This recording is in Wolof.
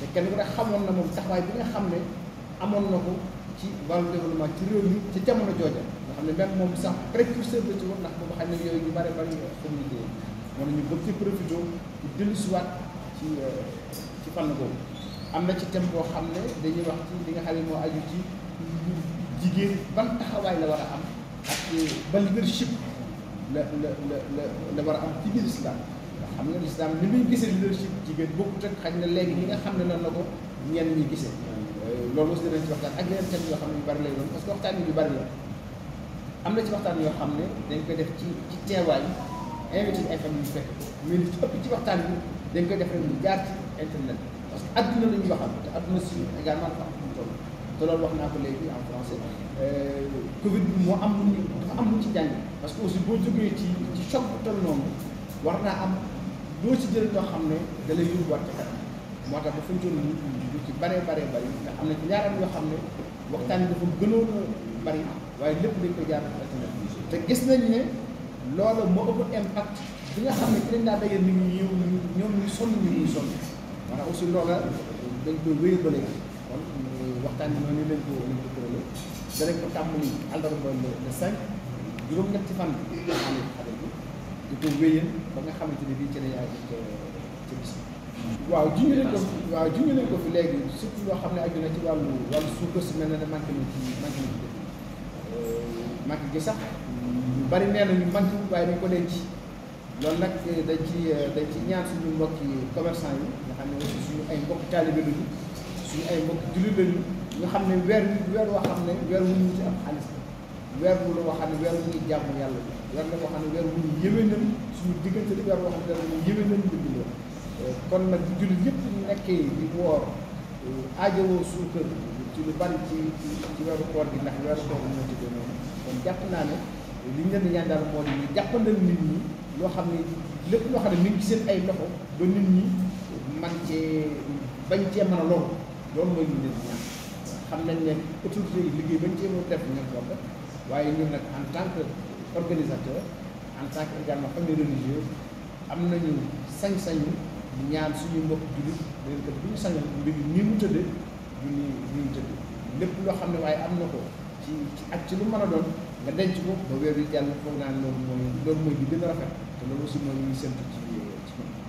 te kenn ku ne xamoon na moom taxawaay bi nga xam ne amoon na ko ci wàllu développement ci réew mi ci jamono jooja nga xam ne même moom sax précurseur la ci woon ndax boobu xam ñu bari communiqué moom ñu bëgg ci profité pour dellusiwaat ci euh, ci fànn boobu am na ci thème boo xam ne dañuy wax ci nga xam ne moo aju ci jigéen ban taxawaay la war a am ak euh, ban leadership la la la la war a am ci biir islam xam nga lislaam li muy gisee leadership jigéen bokkut ak xañ na léegi li nga xam ne nan na ko ñenn ñi gisee euh, loolu aussi dinañ ci waxtaan ak yeneen thèmes yoo xam ne yu bari lay doon parce que waxtaan yu bari la am na ci waxtaan yoo xam ne dañ koy def ci ci teewaay invité ay famille yu fekk mais li ci ëpp ci waxtaan bi dañ koy def rek ñu jaar ci internet parce que adduna la ñuy waxal te adduna si également dafa am fu mu toll te loolu wax naa ko léegi en français euh, Covid bi moo am lu ñu dafa am lu ci jàng parce que aussi boo jógee ci ci choc bu toll noonu war naa am. doo ci jël loo xam ne da lay yóbbuwaat ca kanam moo tax ba fañ toll ci baree baree bari na ci ñaaram yoo xam ne waxtaan yi dafa gënoon a bari waaye lépp dañ ko jaar internet te gis nañ ne loolu moo ëpp impact bi nga xam ne ci lañ daa daje nit ñi ñëw ñoom ñu sonn ñu ñuy sonn maanaam aussi loola dañ koy wéyal ba léegi kon euh, waxtaan bi noonu lañ ko lañ ko tërale danañ ko tàmbali àllarba le le cinq juróom-ñetti fan bi nga xam ne di ko wéyal ba nga xamante ne bii ci la yaay ca bis waaw junj nañ ko waaw junj nañ ko fi léegi surtout loo xam ne aju na ci wàllu wàllu suukar si mel na ne manqué na ci manqué na ci dëkk manqué gi sax ñu bari nee nañu manqué waaye dañ ko denc loolu nag dañ ci dañ ci ñaan suñu mbokki commerçant yi nga xam ne aussi suñu ay mbokk taalibe lañu suñu ay mbokk jullit lañu ñu xam ne weer weer woo xam ne weer wu ñu ci am xaalis la weer wu la ne weer wu ñuy jàmm yàlla weer xam ne weer wu ñu yéwénal suñu diggante di weer woo xam ne weer ñu yéwénal dëgg la euh, kon nag di jullit yëpp nekkee di woor euh, aajowoo suukar ci lu bari ci ci weeru koor gi ndax weeru koor moo tuddee naa ne li ñu leen di ñaan daal moo di ñu jàppandal xam ne lépp loo xam ne mi ci seen ay loxo ba nit ñi man cee bañ cee mën a lool loolu mooy ñu leen di nañ ne autorité yi liggéey bañ cee mën a def waaye ñoom nag en tant que organisateur en tant que également famille religieuse am nañu sañ-sañu ñaan suñu mbokk jullit dañu ko bu ñu sañoon ñu yi nii mu tëdd du nii mu tëdd lépp loo xam ne waaye am na ko ci ci ak ci lu mën a doon nga denc ko ba weer wi jàll foog naa loolu mooy loolu mooy bi gën a rafet te loolu aussi mooy ñuy séntu ci ci